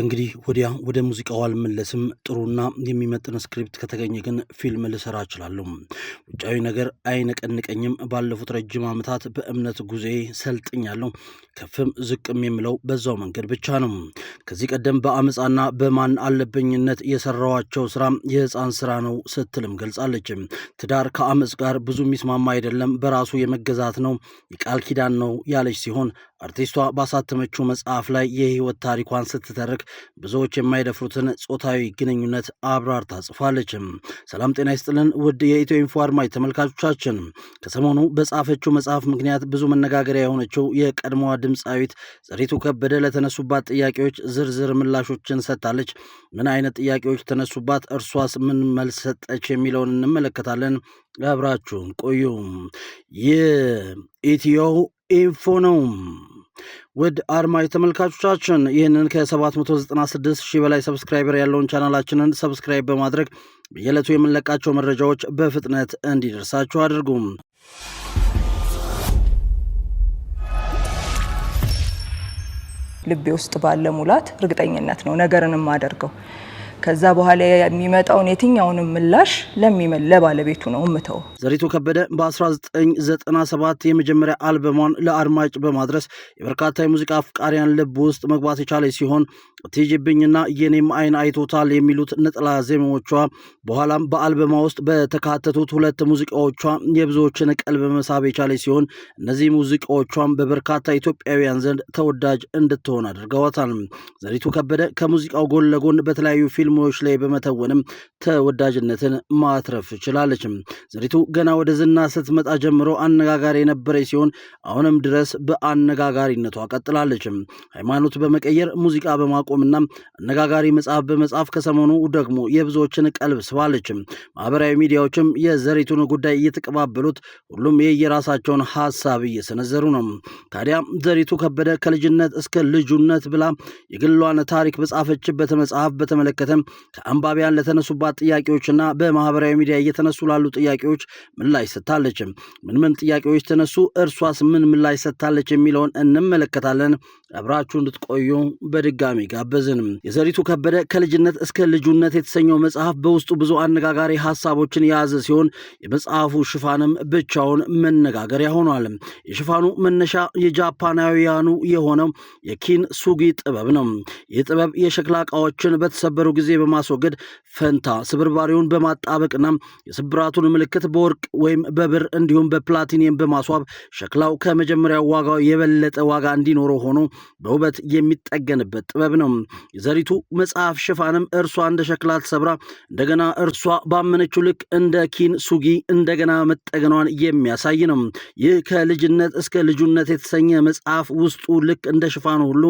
ከእንግዲህ ወዲያ ወደ ሙዚቃው አልመለስም። ጥሩና የሚመጥን ስክሪፕት ከተገኘ ግን ፊልም ልሰራ እችላለሁ። ውጫዊ ነገር አይነቀንቀኝም። ባለፉት ረጅም ዓመታት በእምነት ጉዜ ሰልጥኛለሁ። ከፍም ዝቅም የምለው በዛው መንገድ ብቻ ነው። ከዚህ ቀደም በአመፃና በማን አለብኝነት የሰራዋቸው ስራ የህፃን ስራ ነው ስትልም ገልጻለች። ትዳር ከአመፅ ጋር ብዙ የሚስማማ አይደለም፣ በራሱ የመገዛት ነው፣ የቃል ኪዳን ነው ያለች ሲሆን አርቲስቷ ባሳተመችው መጽሐፍ ላይ የህይወት ታሪኳን ስትተርክ ብዙዎች የማይደፍሩትን ጾታዊ ግንኙነት አብራርታ ታጽፋለች ሰላም ጤና ይስጥልን ውድ የኢትዮ ኢንፎ አድማጭ ተመልካቾቻችን፣ ከሰሞኑ በጻፈችው መጽሐፍ ምክንያት ብዙ መነጋገሪያ የሆነችው የቀድሞዋ ድምፃዊት ዘሪቱ ከበደ ለተነሱባት ጥያቄዎች ዝርዝር ምላሾችን ሰጥታለች። ምን አይነት ጥያቄዎች ተነሱባት? እርሷስ ምን መልስ ሰጠች? የሚለውን እንመለከታለን። አብራችሁን ቆዩ። ይህ ኢትዮ ኢንፎ ነው። ውድ አድማጭ ተመልካቾቻችን ይህንን ከ796 ሺህ በላይ ሰብስክራይበር ያለውን ቻናላችንን ሰብስክራይብ በማድረግ በየዕለቱ የምንለቃቸው መረጃዎች በፍጥነት እንዲደርሳችሁ አድርጉም። ልቤ ውስጥ ባለ ሙላት እርግጠኝነት ነው ነገርን የማደርገው ከዛ በኋላ የሚመጣውን የትኛውንም ምላሽ ለሚመል ለባለቤቱ ነው እምተው። ዘሪቱ ከበደ በ1997 የመጀመሪያ አልበሟን ለአድማጭ በማድረስ የበርካታ የሙዚቃ አፍቃሪያን ልብ ውስጥ መግባት የቻለ ሲሆን ትጅብኝና የኔም አይን አይቶታል የሚሉት ነጠላ ዜማዎቿ በኋላም በአልበሟ ውስጥ በተካተቱት ሁለት ሙዚቃዎቿ የብዙዎችን ቀልብ መሳብ የቻለ ሲሆን እነዚህ ሙዚቃዎቿም በበርካታ ኢትዮጵያውያን ዘንድ ተወዳጅ እንድትሆን አድርገዋታል። ዘሪቱ ከበደ ከሙዚቃው ጎን ለጎን በተለያዩ ፊልም ፊልሞች ላይ በመተወንም ተወዳጅነትን ማትረፍ ችላለች። ዘሪቱ ገና ወደ ዝና ስትመጣ ጀምሮ አነጋጋሪ የነበረች ሲሆን አሁንም ድረስ በአነጋጋሪነቷ ቀጥላለች። ሃይማኖት በመቀየር ሙዚቃ በማቆምና አነጋጋሪ መጽሐፍ በመጻፍ ከሰሞኑ ደግሞ የብዙዎችን ቀልብ ስባለች። ማህበራዊ ሚዲያዎችም የዘሪቱን ጉዳይ እየተቀባበሉት ሁሉም የየራሳቸውን ሀሳብ እየሰነዘሩ ነው። ታዲያ ዘሪቱ ከበደ ከልጅነት እስከ ልጁነት ብላ የግሏን ታሪክ በጻፈችበት መጽሐፍ በተመለከተ ከአንባቢያን ለተነሱባት ጥያቄዎችና በማህበራዊ ሚዲያ እየተነሱ ላሉ ጥያቄዎች ምላሽ ሰጥታለች። ምን ምን ጥያቄዎች ተነሱ፣ እርሷስ ምን ምላሽ ሰጥታለች የሚለውን እንመለከታለን። አብራችሁ እንድትቆዩ በድጋሚ ጋበዝን። የዘሪቱ ከበደ ከልጅነት እስከ ልጁነት የተሰኘው መጽሐፍ በውስጡ ብዙ አነጋጋሪ ሀሳቦችን የያዘ ሲሆን የመጽሐፉ ሽፋንም ብቻውን መነጋገሪያ ሆኗል። የሽፋኑ መነሻ የጃፓናውያኑ የሆነው የኪን ሱጊ ጥበብ ነው። ይህ ጥበብ የሸክላ እቃዎችን በተሰበሩ ጊዜ ጊዜ በማስወገድ ፈንታ ስብርባሪውን በማጣበቅና የስብራቱን ምልክት በወርቅ ወይም በብር እንዲሁም በፕላቲኒየም በማስዋብ ሸክላው ከመጀመሪያው ዋጋው የበለጠ ዋጋ እንዲኖረው ሆኖ በውበት የሚጠገንበት ጥበብ ነው። የዘሪቱ መጽሐፍ ሽፋንም እርሷ እንደ ሸክላ ተሰብራ እንደገና እርሷ ባመነችው ልክ እንደ ኪን ሱጊ እንደገና መጠገኗን የሚያሳይ ነው። ይህ ከልጅነት እስከ ልጁነት የተሰኘ መጽሐፍ ውስጡ ልክ እንደ ሽፋኑ ሁሉ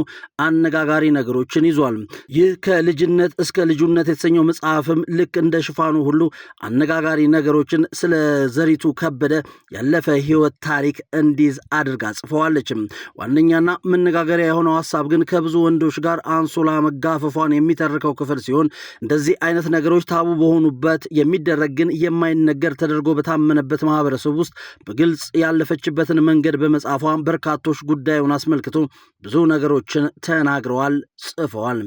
አነጋጋሪ ነገሮችን ይዟል። ይህ ከልጅነት እስከ ልጁነት የተሰኘው መጽሐፍም ልክ እንደ ሽፋኑ ሁሉ አነጋጋሪ ነገሮችን ስለ ዘሪቱ ከበደ ያለፈ ህይወት ታሪክ እንዲዝ አድርጋ ጽፈዋለችም። ዋነኛና መነጋገሪያ የሆነው ሀሳብ ግን ከብዙ ወንዶች ጋር አንሶላ መጋፈፏን የሚተርከው ክፍል ሲሆን እንደዚህ አይነት ነገሮች ታቡ በሆኑበት የሚደረግ ግን የማይነገር ተደርጎ በታመነበት ማህበረሰብ ውስጥ በግልጽ ያለፈችበትን መንገድ በመጻፏ በርካቶች ጉዳዩን አስመልክቶ ብዙ ነገሮችን ተናግረዋል፣ ጽፈዋል።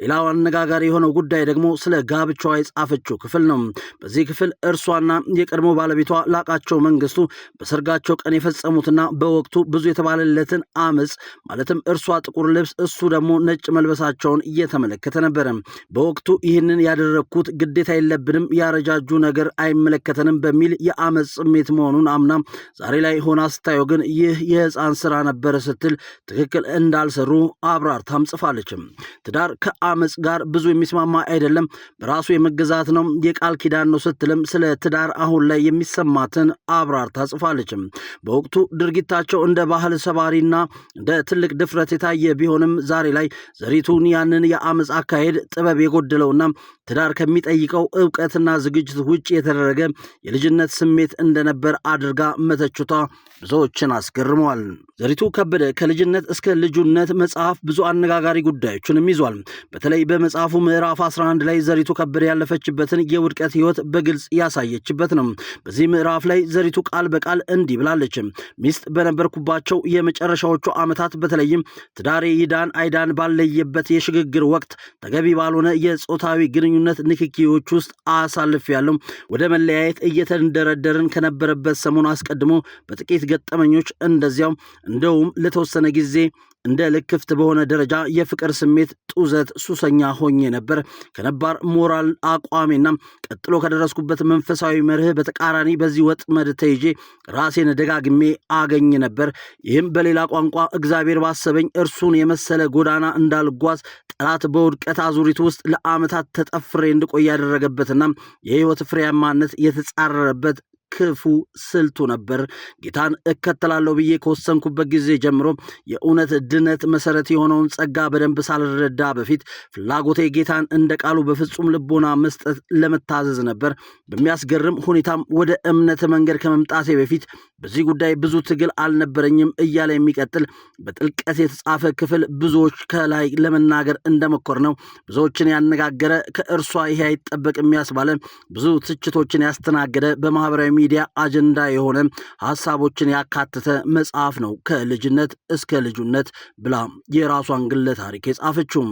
ሌላው አነጋጋሪ የሆነው ጉዳይ ደግሞ ስለ ጋብቻዋ የጻፈችው ክፍል ነው። በዚህ ክፍል እርሷና የቀድሞ ባለቤቷ ላቃቸው መንግስቱ በሰርጋቸው ቀን የፈጸሙትና በወቅቱ ብዙ የተባለለትን አመፅ ማለትም እርሷ ጥቁር ልብስ እሱ ደግሞ ነጭ መልበሳቸውን እየተመለከተ ነበረ። በወቅቱ ይህንን ያደረግኩት ግዴታ የለብንም ያረጃጁ ነገር አይመለከተንም በሚል የአመፅ ስሜት መሆኑን አምና ዛሬ ላይ ሆና ስታየው ግን ይህ የህፃን ስራ ነበረ ስትል ትክክል እንዳልሰሩ አብራርታም ጽፋለችም። ትዳር ከአመፅ ጋር ብዙ የሚስማማ አይደለም፣ በራሱ የመገዛት ነው፣ የቃል ኪዳን ነው ስትልም ስለ ትዳር አሁን ላይ የሚሰማትን አብራርታ ጽፋለችም። በወቅቱ ድርጊታቸው እንደ ባህል ሰባሪና እንደ ትልቅ ድፍረት የታየ ቢሆንም ዛሬ ላይ ዘሪቱን ያንን የአመፅ አካሄድ ጥበብ የጎደለውና ትዳር ከሚጠይቀው እውቀትና ዝግጅት ውጭ የተደረገ የልጅነት ስሜት እንደነበር አድርጋ መተችቷ ብዙዎችን አስገርመዋል። ዘሪቱ ከበደ ከልጅነት እስከ ልጁነት መጽሐፍ ብዙ አነጋጋሪ ጉዳዮችንም ይዟል። በተለይ በመጽሐፉ ምዕራፍ ምዕራፍ 11 ላይ ዘሪቱ ከበደ ያለፈችበትን የውድቀት ህይወት በግልጽ ያሳየችበት ነው። በዚህ ምዕራፍ ላይ ዘሪቱ ቃል በቃል እንዲህ ብላለች። ሚስት በነበርኩባቸው የመጨረሻዎቹ ዓመታት በተለይም ትዳሬ ይዳን አይዳን ባለየበት የሽግግር ወቅት ተገቢ ባልሆነ የጾታዊ ግንኙነት ንክኪዎች ውስጥ ያለው ወደ መለያየት እየተንደረደርን ከነበረበት ሰሞን አስቀድሞ በጥቂት ገጠመኞች እንደዚያው እንደውም ለተወሰነ ጊዜ እንደ ልክፍት በሆነ ደረጃ የፍቅር ስሜት ጡዘት ሱሰኛ ሆኜ ነበር። ከነባር ሞራል አቋሜና ቀጥሎ ከደረስኩበት መንፈሳዊ መርህ በተቃራኒ በዚህ ወጥመድ ተይዤ ራሴን ደጋግሜ አገኝ ነበር። ይህም በሌላ ቋንቋ እግዚአብሔር ባሰበኝ እርሱን የመሰለ ጎዳና እንዳልጓዝ ጠላት በውድቀት አዙሪት ውስጥ ለዓመታት ተጠፍሬ እንድቆይ ያደረገበትና የህይወት ፍሬያማነት የተጻረረበት ክፉ ስልቱ ነበር። ጌታን እከተላለሁ ብዬ ከወሰንኩበት ጊዜ ጀምሮ የእውነት ድነት መሰረት የሆነውን ጸጋ በደንብ ሳልረዳ በፊት ፍላጎቴ ጌታን እንደ ቃሉ በፍጹም ልቦና መስጠት ለመታዘዝ ነበር። በሚያስገርም ሁኔታም ወደ እምነት መንገድ ከመምጣቴ በፊት በዚህ ጉዳይ ብዙ ትግል አልነበረኝም እያለ የሚቀጥል በጥልቀት የተጻፈ ክፍል ብዙዎች ከላይ ለመናገር እንደመኮር ነው ብዙዎችን ያነጋገረ ከእርሷ ይሄ አይጠበቅ የሚያስባለ ብዙ ትችቶችን ያስተናገደ በማህበራዊ የሚዲያ አጀንዳ የሆነ ሀሳቦችን ያካተተ መጽሐፍ ነው። ከልጅነት እስከ ልጁነት ብላ የራሷን ግለ ታሪክ የጻፈችው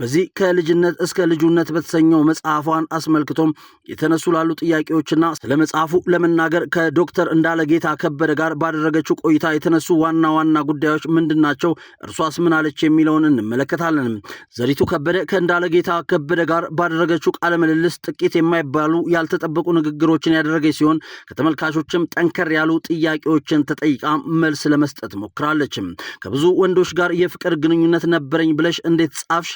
በዚህ ከልጅነት እስከ ልጁነት በተሰኘው መጽሐፏን አስመልክቶም የተነሱ ላሉ ጥያቄዎችና ስለ መጽሐፉ ለመናገር ከዶክተር እንዳለ ጌታ ከበደ ጋር ባደረገችው ቆይታ የተነሱ ዋና ዋና ጉዳዮች ምንድን ናቸው? እርሷስ ምን አለች? የሚለውን እንመለከታለን። ዘሪቱ ከበደ ጌታ ከበደ ጋር ባደረገችው ቃለ ምልልስ ጥቂት የማይባሉ ያልተጠበቁ ንግግሮችን ያደረገች ሲሆን ከተመልካቾችም ጠንከር ያሉ ጥያቄዎችን ተጠይቃ መልስ ለመስጠት ሞክራለች። ከብዙ ወንዶች ጋር የፍቅር ግንኙነት ነበረኝ ብለሽ እንዴት ጻፍሽ?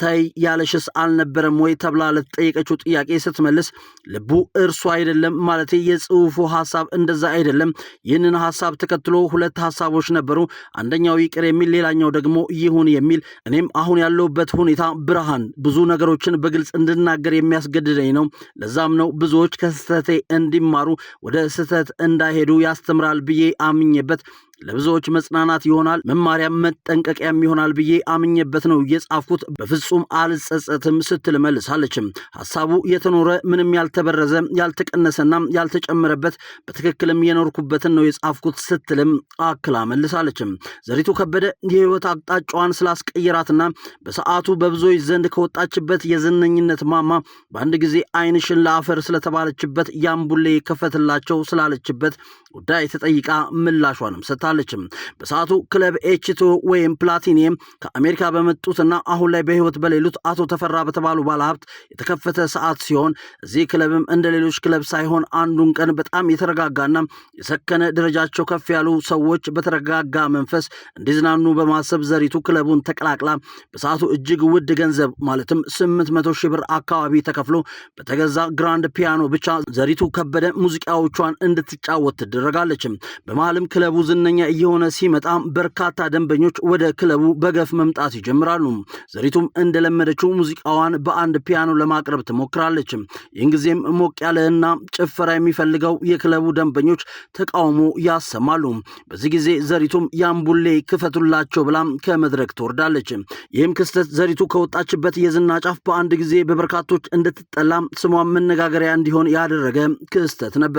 ተይ ያለሽስ አልነበረም ወይ ተብላ ለተጠየቀችው ጥያቄ ስትመልስ ልቡ እርሱ አይደለም ማለት የጽሁፉ ሀሳብ እንደዛ አይደለም። ይህንን ሀሳብ ተከትሎ ሁለት ሀሳቦች ነበሩ። አንደኛው ይቅር የሚል ሌላኛው ደግሞ ይሁን የሚል። እኔም አሁን ያለሁበት ሁኔታ ብርሃን ብዙ ነገሮችን በግልጽ እንድናገር የሚያስገድደኝ ነው። ለዛም ነው ብዙዎች ከስህተቴ እንዲማሩ ወደ ስህተት እንዳይሄዱ ያስተምራል ብዬ አምኜበት ለብዙዎች መጽናናት ይሆናል፣ መማሪያም መጠንቀቂያም ይሆናል ብዬ አምኜበት ነው የጻፍኩት። በፍጹም አልጸጸትም ስትል መልሳለችም። ሀሳቡ የተኖረ ምንም ያልተበረዘ ያልተቀነሰና ያልተጨመረበት በትክክልም የኖርኩበትን ነው የጻፍኩት ስትልም አክላ መልሳለችም። ዘሪቱ ከበደ የህይወት አቅጣጫዋን ስላስቀይራትና በሰዓቱ በብዙዎች ዘንድ ከወጣችበት የዝነኝነት ማማ በአንድ ጊዜ አይንሽን ለአፈር ስለተባለችበት ያምቡሌ ከፈትላቸው ስላለችበት ጉዳይ ተጠይቃ ምላሿንም ሰጥታለች። ደርሳለች። በሰዓቱ ክለብ ኤችቶ ወይም ፕላቲኒየም ከአሜሪካ በመጡትና አሁን ላይ በህይወት በሌሉት አቶ ተፈራ በተባሉ ባለሀብት የተከፈተ ሰዓት ሲሆን እዚህ ክለብም እንደ ሌሎች ክለብ ሳይሆን አንዱን ቀን በጣም የተረጋጋና የሰከነ ደረጃቸው ከፍ ያሉ ሰዎች በተረጋጋ መንፈስ እንዲዝናኑ በማሰብ ዘሪቱ ክለቡን ተቀላቅላ በሰዓቱ እጅግ ውድ ገንዘብ ማለትም 8 00 ሺህ ብር አካባቢ ተከፍሎ በተገዛ ግራንድ ፒያኖ ብቻ ዘሪቱ ከበደ ሙዚቃዎቿን እንድትጫወት ትደረጋለች። በመሀልም ክለቡ ዝነኛ እየሆነ ሲመጣ በርካታ ደንበኞች ወደ ክለቡ በገፍ መምጣት ይጀምራሉ። ዘሪቱም እንደለመደችው ሙዚቃዋን በአንድ ፒያኖ ለማቅረብ ትሞክራለች። ይህን ጊዜም ሞቅ ያለና ጭፈራ የሚፈልገው የክለቡ ደንበኞች ተቃውሞ ያሰማሉ። በዚህ ጊዜ ዘሪቱም ያምቡሌ ክፈቱላቸው ብላ ከመድረክ ትወርዳለች። ይህም ክስተት ዘሪቱ ከወጣችበት የዝና ጫፍ በአንድ ጊዜ በበርካቶች እንድትጠላ ስሟ መነጋገሪያ እንዲሆን ያደረገ ክስተት ነበር።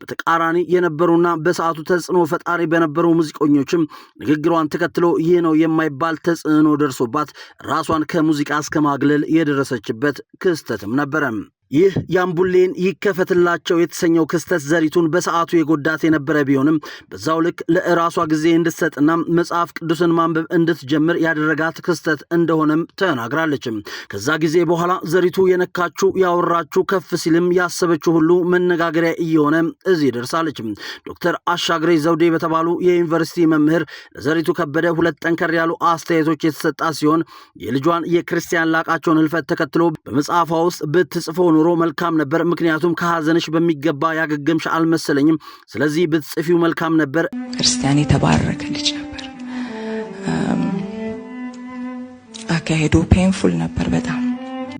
በተቃራኒ የነበሩና በሰዓቱ ተጽዕኖ ፈጣሪ በነበሩ የነበሩ ሙዚቀኞችም ንግግሯን ተከትሎ ይህ ነው የማይባል ተጽዕኖ ደርሶባት ራሷን ከሙዚቃ እስከ ማግለል የደረሰችበት ክስተትም ነበረም። ይህ የአምቡሌን ይከፈትላቸው የተሰኘው ክስተት ዘሪቱን በሰዓቱ የጎዳት የነበረ ቢሆንም በዛው ልክ ለራሷ ጊዜ እንድትሰጥና መጽሐፍ ቅዱስን ማንበብ እንድትጀምር ያደረጋት ክስተት እንደሆነም ተናግራለችም። ከዛ ጊዜ በኋላ ዘሪቱ የነካችው ያወራችሁ ከፍ ሲልም ያሰበችው ሁሉ መነጋገሪያ እየሆነ እዚህ ደርሳለች። ዶክተር አሻግሬ ዘውዴ በተባሉ የዩኒቨርሲቲ መምህር ለዘሪቱ ከበደ ሁለት ጠንከር ያሉ አስተያየቶች የተሰጣ ሲሆን የልጇን የክርስቲያን ላቃቸውን ህልፈት ተከትሎ በመጽሐፏ ውስጥ ብትጽፈው ኖሮ መልካም ነበር፣ ምክንያቱም ከሐዘንሽ በሚገባ ያገገምሽ አልመሰለኝም። ስለዚህ ብትጽፊው መልካም ነበር። ክርስቲያን የተባረከ ልጅ ነበር። አካሄዱ ፔንፉል ነበር በጣም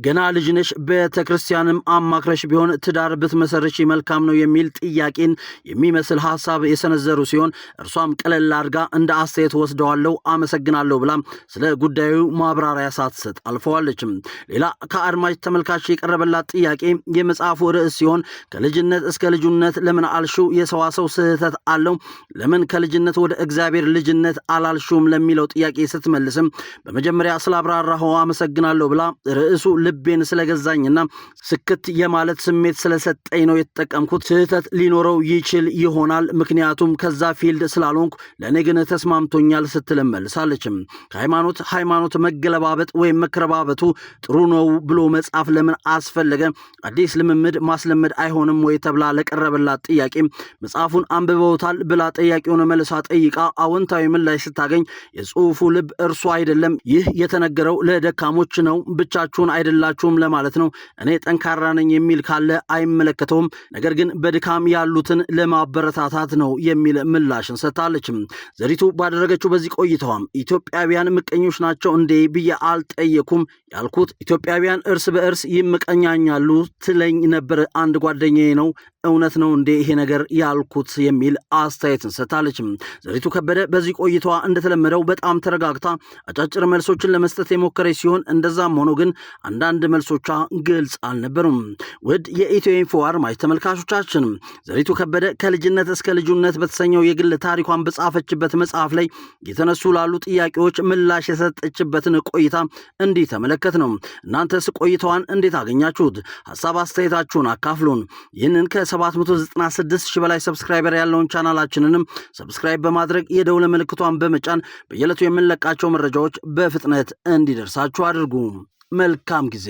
ገና ልጅ ነሽ፣ ቤተክርስቲያንም አማክረሽ ቢሆን ትዳር ብትመሰርች መልካም ነው የሚል ጥያቄን የሚመስል ሀሳብ የሰነዘሩ ሲሆን እርሷም ቀለል አድርጋ እንደ አስተያየት ወስደዋለሁ፣ አመሰግናለሁ ብላ ስለ ጉዳዩ ማብራሪያ ሳትሰጥ አልፈዋለችም። ሌላ ከአድማጭ ተመልካች የቀረበላት ጥያቄ የመጽሐፉ ርዕስ ሲሆን ከልጅነት እስከ ልጁነት ለምን አልሹው? የሰዋሰው ስህተት አለው ለምን ከልጅነት ወደ እግዚአብሔር ልጅነት አላልሹም? ለሚለው ጥያቄ ስትመልስም በመጀመሪያ ስላብራራኸው አመሰግናለሁ ብላ ርዕሱ ልቤን ስለገዛኝና ስክት የማለት ስሜት ስለሰጠኝ ነው የተጠቀምኩት። ስህተት ሊኖረው ይችል ይሆናል፣ ምክንያቱም ከዛ ፊልድ ስላልሆንኩ ለእኔ ግን ተስማምቶኛል ስትል መልሳለችም። ከሃይማኖት ሃይማኖት መገለባበጥ ወይም መከረባበቱ ጥሩ ነው ብሎ መጽሐፍ ለምን አስፈለገ? አዲስ ልምምድ ማስለመድ አይሆንም ወይ ተብላ ለቀረበላት ጥያቄ መጽሐፉን አንብበውታል ብላ ጠያቂውን መልሳ ጠይቃ አዎንታዊ ምላሽ ስታገኝ የጽሑፉ ልብ እርሱ አይደለም፣ ይህ የተነገረው ለደካሞች ነው፣ ብቻችሁን አይደለም አይሆንላችሁም ለማለት ነው። እኔ ጠንካራ ነኝ የሚል ካለ አይመለከተውም፣ ነገር ግን በድካም ያሉትን ለማበረታታት ነው የሚል ምላሽን ሰጥታለችም። ዘሪቱ ባደረገችው በዚህ ቆይተዋም ኢትዮጵያውያን ምቀኞች ናቸው እንዴ ብዬ አልጠየኩም ያልኩት ኢትዮጵያውያን እርስ በእርስ ይምቀኛኛሉ ትለኝ ነበር አንድ ጓደኛዬ ነው እውነት ነው እንዴ ይሄ ነገር ያልኩት የሚል አስተያየትን ሰጥታለች። ዘሪቱ ከበደ በዚህ ቆይታዋ እንደተለመደው በጣም ተረጋግታ አጫጭር መልሶችን ለመስጠት የሞከረች ሲሆን እንደዛም ሆኖ ግን አንዳንድ መልሶቿ ግልጽ አልነበሩም። ውድ የኢትዮ ኢንፎ አድማጭ ተመልካቾቻችን ዘሪቱ ከበደ ከልጅነት እስከ ልጁነት በተሰኘው የግል ታሪኳን በጻፈችበት መጽሐፍ ላይ የተነሱ ላሉ ጥያቄዎች ምላሽ የሰጠችበትን ቆይታ እንዲህ ተመለከት ነው። እናንተስ ቆይታዋን እንዴት አገኛችሁት? ሀሳብ አስተያየታችሁን አካፍሉን። ይህንን 796 ሺህ በላይ ሰብስክራይበር ያለውን ቻናላችንንም ሰብስክራይብ በማድረግ የደውለ ምልክቷን በመጫን በየዕለቱ የምንለቃቸው መረጃዎች በፍጥነት እንዲደርሳችሁ አድርጉ። መልካም ጊዜ